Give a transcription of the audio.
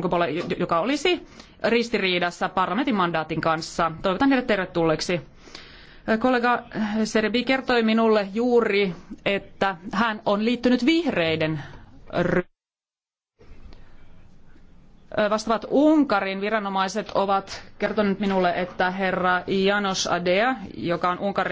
ulkopuolelle, joka olisi ristiriidassa parlamentin mandaatin kanssa. Toivotan heidät tervetulleeksi. Kollega Serbi kertoi minulle juuri, että hän on liittynyt vihreiden ryhmään vastaavat Unkarin viranomaiset ovat kertoneet minulle, että herra Janos Adea, joka on Unkarin